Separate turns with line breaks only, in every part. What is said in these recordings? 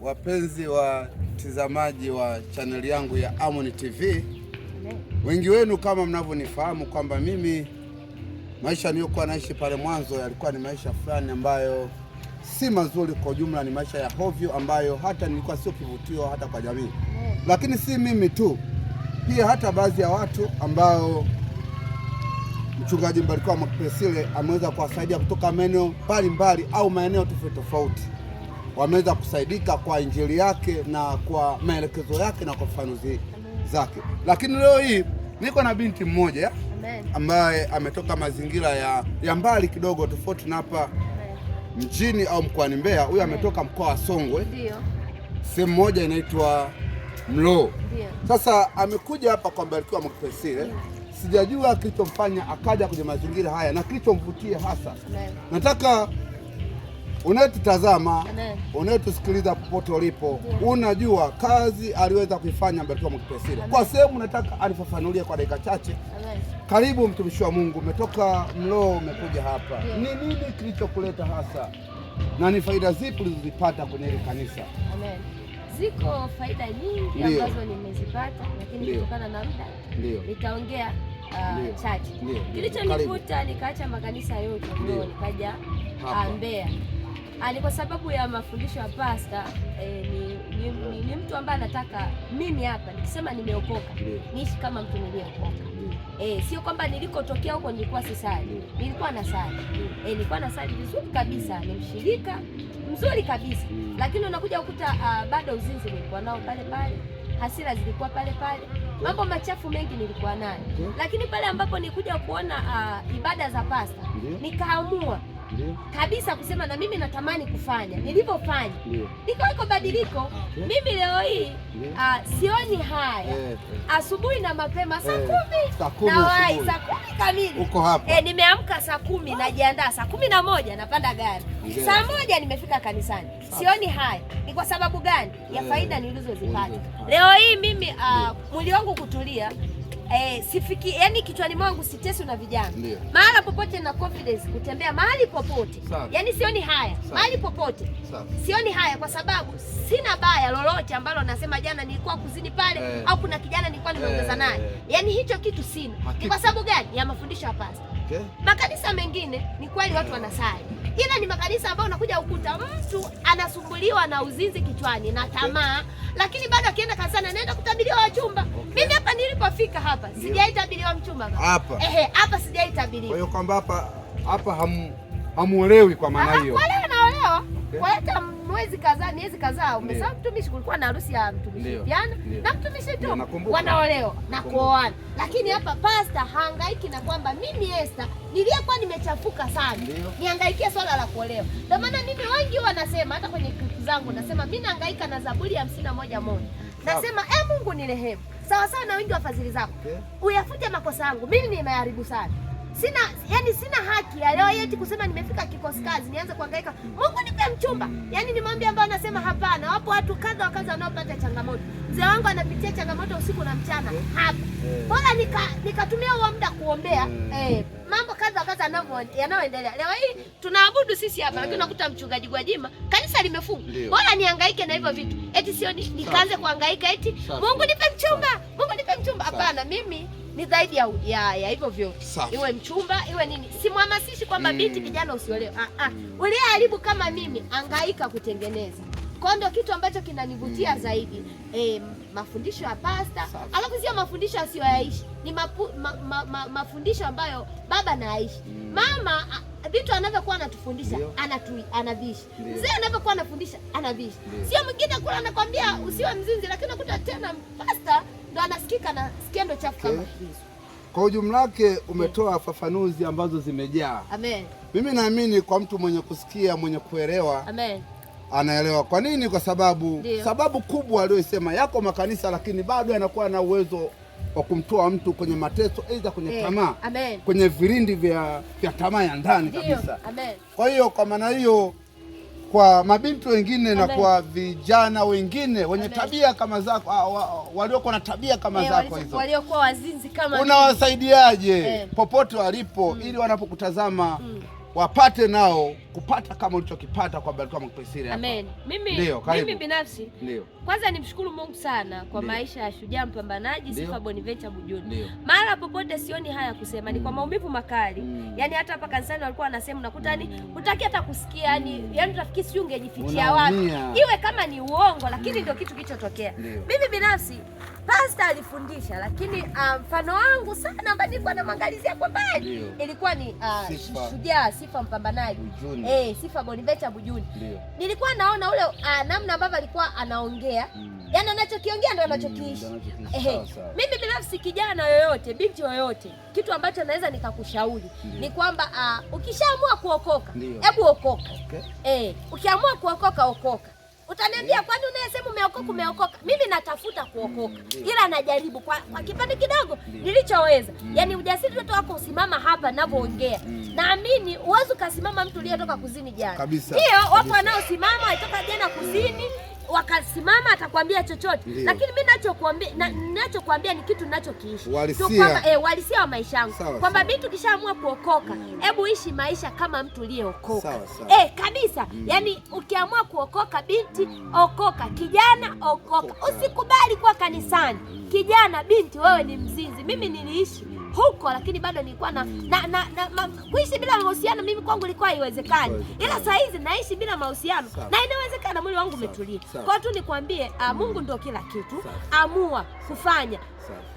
wapenzi wa watizamaji wa chaneli yangu ya Amoni TV, wengi wenu kama mnavyonifahamu kwamba mimi maisha niliyokuwa naishi pale mwanzo yalikuwa ni maisha fulani ambayo si mazuri kwa ujumla, ni maisha ya hovyo ambayo hata nilikuwa sio kivutio hata kwa jamii. Lakini si mimi tu, pia hata baadhi ya watu ambao mchungaji Mbarikiwa Mwakipeesile ameweza kuwasaidia kutoka maeneo mbalimbali au maeneo tofauti tofauti wameweza kusaidika kwa injili yake na kwa maelekezo yake na kwa fafanuzi zake. Lakini leo hii niko na binti mmoja ambaye ametoka mazingira ya, ya mbali kidogo tofauti na hapa mjini au mkoani Mbeya. Huyu ametoka mkoa wa Songwe, sehemu moja inaitwa Mloo. Sasa amekuja hapa kwa Mbarikiwa Mapesile. Sijajua kilichomfanya akaja kwenye mazingira haya na kilichomvutia hasa, nataka unayetutazama unayetusikiliza popote ulipo, unajua kazi aliweza kuifanya Mbarikiwa Mwenkipresile. Kwa sehemu nataka alifafanulie kwa dakika chache. Karibu mtumishi wa Mungu, umetoka Mloo umekuja hapa, ni nini kilichokuleta hasa na ni faida zipi ulizozipata kwenye hili kanisa?
Ziko faida nyingi ambazo nimezipata, lakini kutokana na muda nitaongea uh, chache. kilichonikuta nikaacha makanisa yote ndio nikaja uh, Mbeya ni kwa sababu ya mafundisho ya pasta eh, ni, ni, ni, ni mtu ambaye anataka mimi hapa nikisema nimeokoka niishi kama mtu niliyeokoka. Eh, sio kwamba nilikotokea huko nilikuwa sisali, nilikuwa na sali eh, nilikuwa na sali vizuri kabisa, ni mshirika mzuri kabisa, lakini unakuja kukuta uh, ah, bado uzinzi nilikuwa nao pale pale, hasira zilikuwa pale pale, mambo machafu mengi nilikuwa nayo, lakini pale ambapo nikuja kuona uh, ibada za pasta nikaamua kabisa kusema na mimi natamani kufanya nilivyofanya, niko iko badiliko. Mimi leo hii uh, sioni haya yeah. Eh. Asubuhi na mapema saa eh, kumi na wai saa kumi kamili uko hapa eh, nimeamka saa kumi najiandaa, saa kumi na moja napanda gari yeah. Saa moja nimefika kanisani. Sioni haya ni kwa sababu gani? ya eh. faida nilizozipata leo hii mimi uh, mwili wangu kutulia eh, sifiki yani kichwani mwangu siteswe na vijana mahala popote na confidence kutembea mahali popote Sana. Yani sioni haya Sana. mahali popote Sana. sioni haya kwa sababu sina baya lolote ambalo nasema jana nilikuwa kuzini pale eh. au kuna kijana nilikuwa nimeongeza eh. naye eh. yani hicho kitu sina ni kwa sababu gani ya mafundisho ya pasta okay. Makanisa mengine ni kweli watu wanasali, ila ni makanisa ambayo unakuja ukuta mtu anasumbuliwa na uzinzi kichwani na tamaa okay. Lakini bado akienda kanisani anaenda kutabiriwa wachumba okay. Mimi hapa nilipofika hapa yeah. Sijaitabiriwa mchumba hapa, ehe, hapa sijaitabiriwa. Kwa
hiyo kwamba hapa hapa hamuolewi kwa maana ah, hiyo.
Wale wanaolewa naolewa mwezi kadhaa, miezi kadhaa umesahau mtumishi, kulikuwa na harusi ya mtumishi Piano na mtumishi tu wanaolewa na kuoana. Lakini hapa pasta hangaiki na kwamba mimi Esther niliyekuwa nimechafuka sana nihangaikie swala la kuolewa. Ndio maana mimi wengi wanasema, hata kwenye kiku zangu nasema mimi nahangaika na Zaburi ya hamsini na moja moja nasema e, Mungu ni rehemu sawa sawa na wingi wa fadhili zako, uyafute makosa yangu, mimi nimeharibu sana Sina yani, sina haki ya leo yeti kusema nimefika kikosi kazi nianze kuhangaika, Mungu nipe mchumba. Yani ni mambo ambayo anasema hapana. Wapo watu kadha wa kadha wanaopata changamoto. Mzee wangu anapitia changamoto usiku na mchana hapa, eh. bora nika nikatumia huo muda kuombea eh, eh mambo kadha wa kadha yanayoendelea leo hii. Tunaabudu sisi hapa, lakini unakuta mchungaji Gwajima kanisa limefungwa. Bora nihangaike na hivyo vitu, eti sio nikaanze kuhangaika eti Mungu nipe mchumba, Mungu nipe mchumba. Hapana, mimi ni zaidi ya ujaya hivyo vyote, iwe mchumba iwe nini. Simhamasishi kwamba mm. binti vijana usiolewe ah, ah. Uliyeharibu kama mimi angaika kutengeneza kwa ndo kitu ambacho kinanivutia mm. zaidi e, mafundisho ya pasta Alafu sio mafundisho asiyoyaishi ni mapu, ma, ma, ma, mafundisho ambayo baba na aishi mm. mama vitu anavyokuwa anatufundisha anaviishi, mzee anavyokuwa anafundisha anaviishi, sio mwingine kula, anakwambia usiwe mzinzi, lakini unakuta tena pasta ndo anasikika na skendo chafu okay. kama hizo
kwa ujumla wake umetoa fafanuzi ambazo zimejaa. Amen. Mimi naamini kwa mtu mwenye kusikia mwenye kuelewa Amen. Anaelewa kwa nini? Kwa sababu Dio. Sababu kubwa aliyosema yako makanisa, lakini bado yanakuwa na uwezo wa kumtoa mtu kwenye mateso, aidha kwenye eh, tamaa, kwenye vilindi vya, vya tamaa ya ndani kabisa. Amen. Kwa hiyo kwa maana hiyo kwa mabinti wengine na kwa vijana wengine wenye tabia kama zako, ah, waliokuwa na tabia kama eh, zako
hizo, waliokuwa wazinzi kama
unawasaidiaje eh. popote walipo, mm. ili wanapokutazama mm wapate nao kupata kama ulichokipata kwa Baraka Mkpesile.
Amen. Mimi, Leo, mimi binafsi Leo. Kwanza nimshukuru Mungu sana kwa Ndiyo. maisha ya shujaa mpambanaji Sifa Bonaventure Bujuni. Mara popote sioni haya kusema ni kwa mm. maumivu makali mm. Yaani hata hapa kanisani walikuwa wanasema nakuta ni yaani mm. hutaki hata kusikia yaani- mm. yani rafiki si ungejifichia wapi iwe kama ni uongo lakini mm. ndio kitu kilichotokea. Mimi binafsi pasta alifundisha lakini ah, mfano um, wangu sana ambaye nilikuwa namwangalizia kwa mbali ilikuwa ni uh, shujaa Sifa mpambanaji eh, Sifa Bonivecha Bujuni. Nilikuwa naona ule ah, namna ambavyo alikuwa anaongea mm. Yani anachokiongea ndio mm, anachokiishi mm, eh, mimi binafsi kijana yoyote binti yoyote, kitu ambacho naweza nikakushauri ni kwamba uh, ukishaamua kuokoka hebu okoka okay. eh, ukiamua kuokoka okoka Utaniambia eh? kwani unayesema umeokoka umeokoka. Mimi natafuta kuokoka, ila najaribu kwa, kwa kipande kidogo nilichoweza. Yaani ujasiri wetu wako usimama hapa ninavyoongea. Naamini uwezo ukasimama mtu uliyetoka kuzini jana. wako wapo wanaosimama alitoka jana kuzini wakasimama atakwambia chochote, lakini mimi ninachokuambia ninachokuambia ni kitu ninachokiishi
uhalisia
eh, wa maisha yangu kwamba mimi tukishaamua kuokoka, mm. hebu mm. ishi maisha kama mtu uliyeokoka eh, kabisa mm. Yani ukiamua kuokoka binti, mm. okoka kijana, okoka, okoka. Usikubali kuwa kanisani mm. Kijana binti, wewe ni mzinzi. Mimi niliishi huko, lakini bado nilikuwa na mm. na, na, na kuishi bila mahusiano mimi kwangu ilikuwa haiwezekani, ila saa hizi naishi bila mahusiano na inawezekana, mwili wangu umetulia. Kwa tu nikwambie, ah, mm. Mungu ndio kila kitu, amua kufanya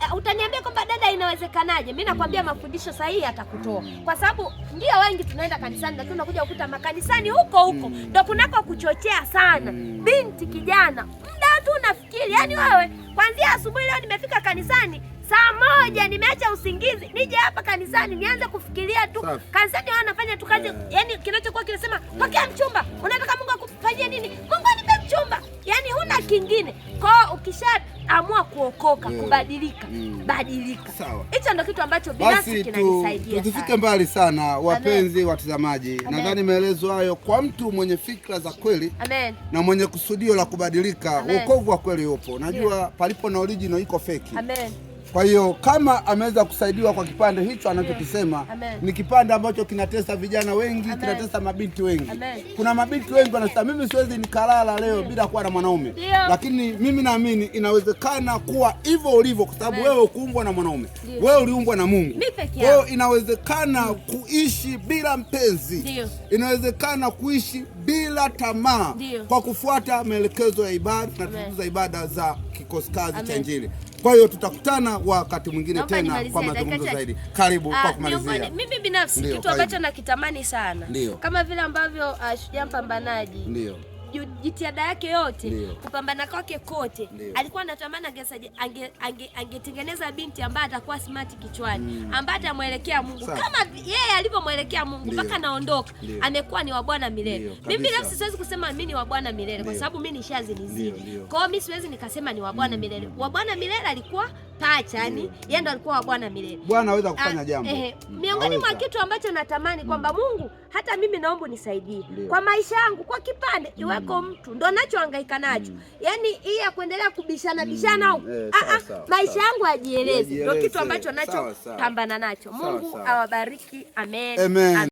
Uh, utaniambia kwamba dada, inawezekanaje? Mimi nakwambia mm. mafundisho sahihi atakutoa, kwa sababu ndio wengi tunaenda kanisani, lakini unakuja kukuta makanisani huko huko ndo kunako kuchochea sana binti kijana, muda tu unafikiri, yani, wewe kwanzia asubuhi leo nimefika kanisani saa moja mm. nimeacha usingizi nije hapa kanisani nianze kufikiria tu Kanisani wao wanafanya tu kazi yeah. Yani kinachokuwa kinasema pokea mm. mchumba, unataka Mungu akufanyie nini? Mungu anipe mchumba, yani huna mm. kingine kwao. Ukishaamua kuokoka yeah. kubadilika mm. badilika. Hicho ndo kitu ambacho binafsi kinanisaidia.
Tusifike mbali sana wapenzi watazamaji, nadhani maelezo hayo kwa mtu mwenye fikra za kweli Amen. na mwenye kusudio la kubadilika, wokovu wa kweli upo. Najua yeah. palipo na original iko feki Amen. Kwa hiyo kama ameweza kusaidiwa kwa kipande hicho anachokisema, ni kipande ambacho kinatesa vijana wengi Amen. kinatesa mabinti wengi Amen. kuna mabinti wengi wanasema mimi siwezi nikalala leo Amen. bila kuwa na mwanaume, lakini mimi naamini inawezekana kuwa hivyo ulivyo, kwa sababu wewe ukuumbwa na mwanaume, wewe uliumbwa na Mungu. Kwa hiyo inawezekana kuishi bila mpenzi, inawezekana kuishi bila tamaa kwa kufuata maelekezo ya ibada na taratibu za ibada za kikosi kazi cha Injili. Kwa hiyo tutakutana wakati mwingine tena kwa mazungumzo zaidi. Karibu kwa ah, kumalizia.
Mimi binafsi kitu ambacho nakitamani sana kama vile ambavyo ah, Shujaa Mpambanaji jitihada yake yote kupambana kwake kote alikuwa anatamani angetengeneza ange, ange binti ambaye atakuwa smart kichwani mm. ambaye atamwelekea Mungu Sa. kama yeye alivyomwelekea Mungu mpaka anaondoka amekuwa ni wa Bwana milele. Mimi binafsi siwezi kusema mimi ni wa Bwana milele kwa sababu mimi nishazilizidi, kwa hiyo mimi siwezi nikasema ni wa Bwana mm. milele. Wa Bwana milele alikuwa pacha yani mm. yeye ndo alikuwa wa Bwana milele.
Bwana aweza kufanya ah, jambo. Eh,
miongoni mwa kitu ambacho natamani mm. kwamba Mungu hata mimi naomba nisaidie kwa maisha yangu, kwa kipande iweko mtu ndo nachohangaika nacho, yani hii ya kuendelea kubishana bishana au eh, ah, ah, maisha yangu ajieleze, ndo kitu ambacho nachopambana nacho. Mungu awabariki, amen.